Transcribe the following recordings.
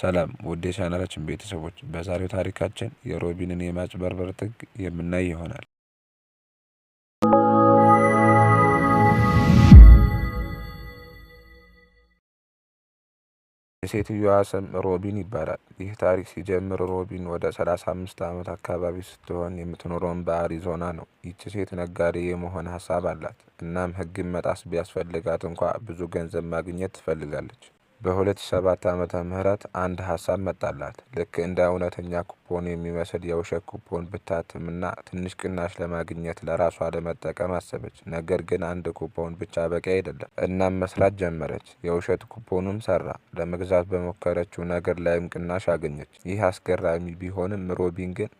ሰላም ውድ የቻናላችን ቤተሰቦች፣ በዛሬው ታሪካችን የሮቢንን የማጭበርበር ጥግ የምናይ ይሆናል። የሴትዮዋ ስም ሮቢን ይባላል። ይህ ታሪክ ሲጀምር ሮቢን ወደ 35 ዓመት አካባቢ ስትሆን የምትኖረውን በአሪዞና ነው። ይቺ ሴት ነጋዴ የመሆን ሀሳብ አላት። እናም ሕግን መጣስ ቢያስፈልጋት እንኳ ብዙ ገንዘብ ማግኘት ትፈልጋለች። በ2007 ዓመተ ምህረት አንድ ሀሳብ መጣላት። ልክ እንደ እውነተኛ ኩፖን የሚመስል የውሸት ኩፖን ብታትምና ትንሽ ቅናሽ ለማግኘት ለራሷ ለመጠቀም አሰበች። ነገር ግን አንድ ኩፖን ብቻ በቂ አይደለም። እናም መስራት ጀመረች። የውሸት ኩፖኑም ሰራ። ለመግዛት በሞከረችው ነገር ላይም ቅናሽ አገኘች። ይህ አስገራሚ ቢሆንም ሮቢን ግን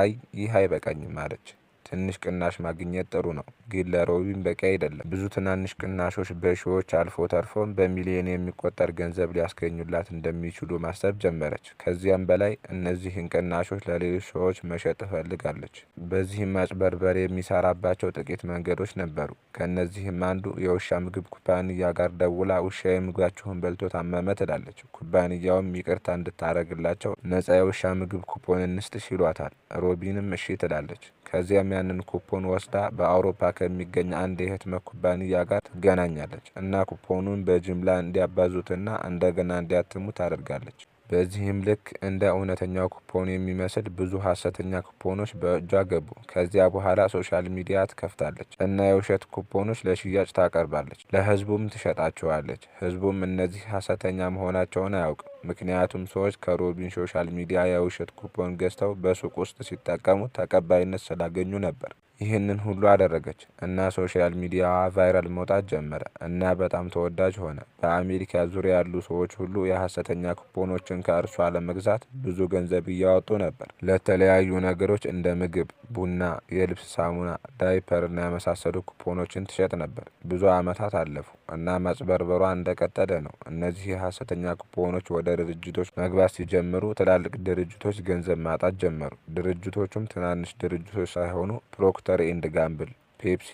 አይ ይህ አይበቃኝም አለች። ትንሽ ቅናሽ ማግኘት ጥሩ ነው፣ ግን ለሮቢን በቂ አይደለም። ብዙ ትናንሽ ቅናሾች በሺዎች አልፎ ተርፎም በሚሊዮን የሚቆጠር ገንዘብ ሊያስገኙላት እንደሚችሉ ማሰብ ጀመረች። ከዚያም በላይ እነዚህን ቅናሾች ለሌሎች ሰዎች መሸጥ ትፈልጋለች። በዚህም አጭበርበር የሚሰራባቸው ጥቂት መንገዶች ነበሩ። ከእነዚህም አንዱ የውሻ ምግብ ኩባንያ ጋር ደውላ ውሻ የምግባችሁን በልቶ ታመመ ትላለች። ኩባንያውም ይቅርታ እንድታደርግላቸው ነጻ የውሻ ምግብ ኩፖን እንስጥሽ ይሏታል። ሮቢንም እሺ ትላለች። ከዚያም ያንን ኩፖን ወስዳ በአውሮፓ ከሚገኝ አንድ የህትመት ኩባንያ ጋር ትገናኛለች እና ኩፖኑን በጅምላ እንዲያባዙትና እንደገና እንዲያትሙ ታደርጋለች። በዚህም ልክ እንደ እውነተኛው ኩፖን የሚመስል ብዙ ሀሰተኛ ኩፖኖች በእጇ ገቡ። ከዚያ በኋላ ሶሻል ሚዲያ ትከፍታለች እና የውሸት ኩፖኖች ለሽያጭ ታቀርባለች፣ ለህዝቡም ትሸጣቸዋለች። ህዝቡም እነዚህ ሀሰተኛ መሆናቸውን አያውቅም፣ ምክንያቱም ሰዎች ከሮቢን ሶሻል ሚዲያ የውሸት ኩፖን ገዝተው በሱቅ ውስጥ ሲጠቀሙ ተቀባይነት ስላገኙ ነበር። ይህንን ሁሉ አደረገች እና ሶሻል ሚዲያዋ ቫይራል መውጣት ጀመረ እና በጣም ተወዳጅ ሆነ። በአሜሪካ ዙሪያ ያሉ ሰዎች ሁሉ የሐሰተኛ ኩፖኖችን ከእርሷ ለመግዛት ብዙ ገንዘብ እያወጡ ነበር። ለተለያዩ ነገሮች እንደ ምግብ፣ ቡና፣ የልብስ ሳሙና፣ ዳይፐር እና የመሳሰሉ ኩፖኖችን ትሸጥ ነበር። ብዙ ዓመታት አለፉ እና ማጭበርበሯ እንደቀጠለ ነው። እነዚህ የሐሰተኛ ኩፖኖች ወደ ድርጅቶች መግባት ሲጀምሩ ትላልቅ ድርጅቶች ገንዘብ ማጣት ጀመሩ። ድርጅቶቹም ትናንሽ ድርጅቶች ሳይሆኑ ፕሮክተ procter ኤንድ ጋምብል፣ ፔፕሲ፣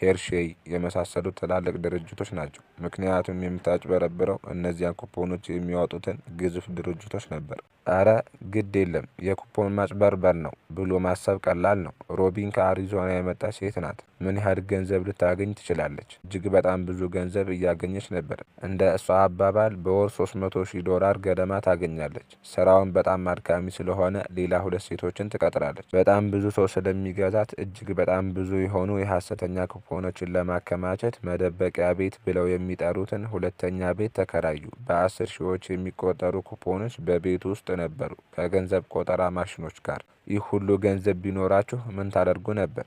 ሄርሼይ የመሳሰሉ ትላልቅ ድርጅቶች ናቸው። ምክንያቱም የምታጭበረብረው እነዚያን ኩፖኖች የሚያወጡትን ግዙፍ ድርጅቶች ነበር። አረ ግድ የለም የኩፖን ማጭበርበር ነው ብሎ ማሰብ ቀላል ነው። ሮቢን ከአሪዞና የመጣች ሴት ናት። ምን ያህል ገንዘብ ልታገኝ ትችላለች? እጅግ በጣም ብዙ ገንዘብ እያገኘች ነበር። እንደ እሷ አባባል በወር 300 ሺህ ዶላር ገደማ ታገኛለች። ስራውን በጣም አድካሚ ስለሆነ ሌላ ሁለት ሴቶችን ትቀጥራለች። በጣም ብዙ ሰው ስለሚገዛት እጅግ በጣም ብዙ የሆኑ የሀሰተኛ ኩፖኖችን ለማከማቸት መደበቂያ ቤት ብለው የሚ የሚጠሩትን ሁለተኛ ቤት ተከራዩ። በአስር ሺዎች የሚቆጠሩ ኩፖኖች በቤት ውስጥ ነበሩ ከገንዘብ ቆጠራ ማሽኖች ጋር። ይህ ሁሉ ገንዘብ ቢኖራችሁ ምን ታደርጉ ነበር?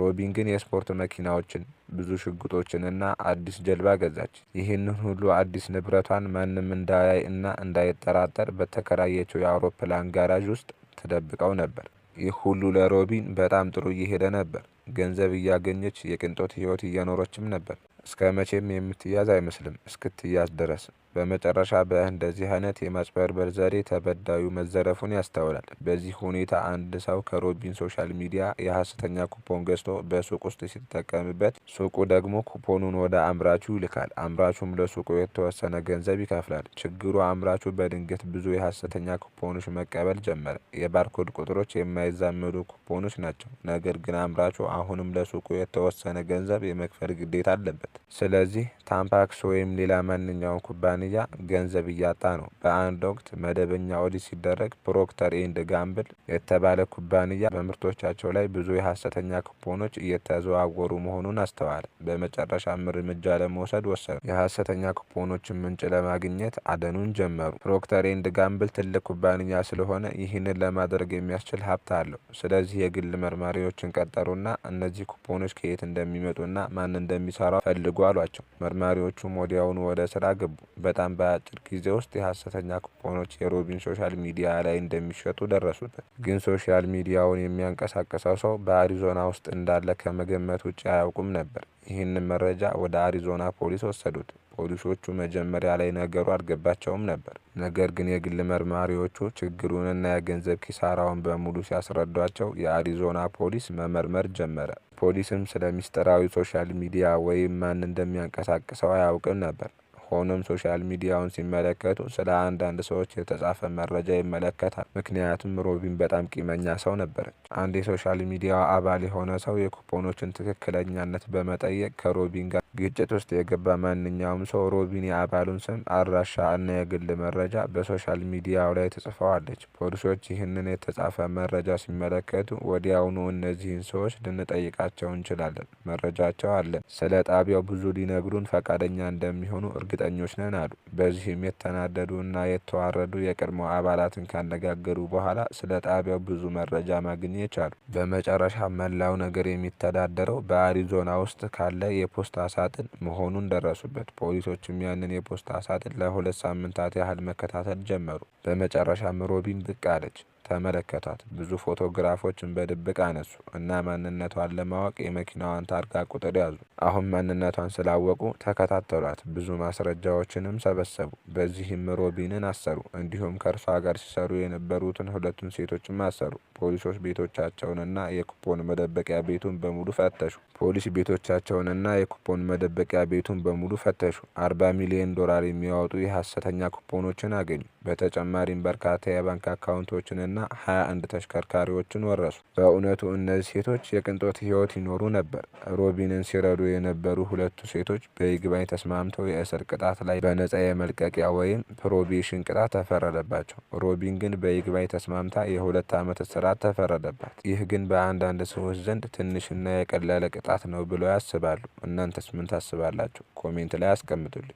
ሮቢን ግን የስፖርት መኪናዎችን፣ ብዙ ሽጉጦችንና አዲስ ጀልባ ገዛች። ይህንን ሁሉ አዲስ ንብረቷን ማንም እንዳያይ እና እንዳይጠራጠር በተከራየችው የአውሮፕላን ጋራዥ ውስጥ ተደብቀው ነበር። ይህ ሁሉ ለሮቢን በጣም ጥሩ እየሄደ ነበር። ገንዘብ እያገኘች የቅንጦት ህይወት እየኖረችም ነበር። እስከ መቼም የምትያዝ አይመስልም እስክትያዝ ድረስ በመጨረሻ በእንደዚህ አይነት የማጭበርበር ዘዴ ተበዳዩ መዘረፉን ያስተውላል። በዚህ ሁኔታ አንድ ሰው ከሮቢን ሶሻል ሚዲያ የሀስተኛ ኩፖን ገዝቶ በሱቅ ውስጥ ሲጠቀምበት፣ ሱቁ ደግሞ ኩፖኑን ወደ አምራቹ ይልካል። አምራቹም ለሱቁ የተወሰነ ገንዘብ ይከፍላል። ችግሩ አምራቹ በድንገት ብዙ የሀስተኛ ኩፖኖች መቀበል ጀመረ። የባርኮድ ቁጥሮች የማይዛመዱ ኩፖኖች ናቸው። ነገር ግን አምራቹ አሁንም ለሱቁ የተወሰነ ገንዘብ የመክፈል ግዴታ አለበት። ስለዚህ ታምፓክስ ወይም ሌላ ማንኛውም ኩባንያ ኩባንያ ገንዘብ እያጣ ነው። በአንድ ወቅት መደበኛ ኦዲት ሲደረግ ፕሮክተር ኤንድ ጋምብል የተባለ ኩባንያ በምርቶቻቸው ላይ ብዙ የሀሰተኛ ኩፖኖች እየተዘዋወሩ መሆኑን አስተዋለ። በመጨረሻም እርምጃ ለመውሰድ ወሰኑ። የሀሰተኛ ኩፖኖችን ምንጭ ለማግኘት አደኑን ጀመሩ። ፕሮክተር ኤንድ ጋምብል ትልቅ ኩባንያ ስለሆነ ይህንን ለማድረግ የሚያስችል ሀብት አለው። ስለዚህ የግል መርማሪዎችን ቀጠሩና እነዚህ ኩፖኖች ከየት እንደሚመጡና ማን እንደሚሰራው ፈልጉ አሏቸው። መርማሪዎቹም ወዲያውኑ ወደ ስራ ገቡ። በጣም በአጭር ጊዜ ውስጥ የሀሰተኛ ኩፖኖች የሮቢን ሶሻል ሚዲያ ላይ እንደሚሸጡ ደረሱት ግን ሶሻል ሚዲያውን የሚያንቀሳቀሰው ሰው በአሪዞና ውስጥ እንዳለ ከመገመት ውጭ አያውቁም ነበር። ይህንን መረጃ ወደ አሪዞና ፖሊስ ወሰዱት። ፖሊሶቹ መጀመሪያ ላይ ነገሩ አልገባቸውም ነበር። ነገር ግን የግል መርማሪዎቹ ችግሩንና የገንዘብ ኪሳራውን በሙሉ ሲያስረዷቸው የአሪዞና ፖሊስ መመርመር ጀመረ። ፖሊስም ስለ ሚስጥራዊ ሶሻል ሚዲያ ወይም ማን እንደሚያንቀሳቅሰው አያውቅም ነበር። ሆኖም ሶሻል ሚዲያውን ሲመለከቱ ስለ አንዳንድ ሰዎች የተጻፈ መረጃ ይመለከታል። ምክንያቱም ሮቢን በጣም ቂመኛ ሰው ነበር። አንድ የሶሻል ሚዲያ አባል የሆነ ሰው የኩፖኖችን ትክክለኛነት በመጠየቅ ከሮቢን ጋር ግጭት ውስጥ የገባ ማንኛውም ሰው ሮቢን የአባሉን ስም፣ አድራሻ እና የግል መረጃ በሶሻል ሚዲያው ላይ ትጽፈዋለች። ፖሊሶች ይህንን የተጻፈ መረጃ ሲመለከቱ ወዲያውኑ እነዚህን ሰዎች ልንጠይቃቸው እንችላለን፣ መረጃቸው አለን፣ ስለ ጣቢያው ብዙ ሊነግሩን ፈቃደኛ እንደሚሆኑ እርግ እርግጠኞች ነን አሉ። በዚህም የተናደዱና የተዋረዱ የቀድሞ አባላትን ካነጋገሩ በኋላ ስለ ጣቢያው ብዙ መረጃ ማግኘት ቻሉ። በመጨረሻ መላው ነገር የሚተዳደረው በአሪዞና ውስጥ ካለ የፖስታ ሳጥን መሆኑን ደረሱበት። ፖሊሶችም ያንን የፖስታ ሳጥን ለሁለት ሳምንታት ያህል መከታተል ጀመሩ። በመጨረሻም ሮቢን ብቅ አለች። ተመለከቷት። ብዙ ፎቶግራፎችን በድብቅ አነሱ እና ማንነቷን ለማወቅ የመኪናዋን ታርጋ ቁጥር ያዙ። አሁን ማንነቷን ስላወቁ ተከታተሏት። ብዙ ማስረጃዎችንም ሰበሰቡ። በዚህም ሮቢንን አሰሩ። እንዲሁም ከእርሷ ጋር ሲሰሩ የነበሩትን ሁለቱን ሴቶችም አሰሩ። ፖሊሶች ቤቶቻቸውንና የኩፖን መደበቂያ ቤቱን በሙሉ ፈተሹ። ፖሊስ ቤቶቻቸውንና የኩፖን መደበቂያ ቤቱን በሙሉ ፈተሹ። አርባ ሚሊዮን ዶላር የሚያወጡ የሀሰተኛ ኩፖኖችን አገኙ። በተጨማሪም በርካታ የባንክ አካውንቶችንና እና 21 ተሽከርካሪዎችን ወረሱ። በእውነቱ እነዚህ ሴቶች የቅንጦት ሕይወት ይኖሩ ነበር። ሮቢንን ሲረዱ የነበሩ ሁለቱ ሴቶች በይግባኝ ተስማምተው የእስር ቅጣት ላይ በነጻ የመልቀቂያ ወይም ፕሮቢሽን ቅጣት ተፈረደባቸው። ሮቢን ግን በይግባኝ ተስማምታ የሁለት ዓመት እስራት ተፈረደባት። ይህ ግን በአንዳንድ ሰዎች ዘንድ ትንሽና የቀለለ ቅጣት ነው ብለው ያስባሉ። እናንተስ ምን ታስባላችሁ? ኮሜንት ላይ አስቀምጡልኝ።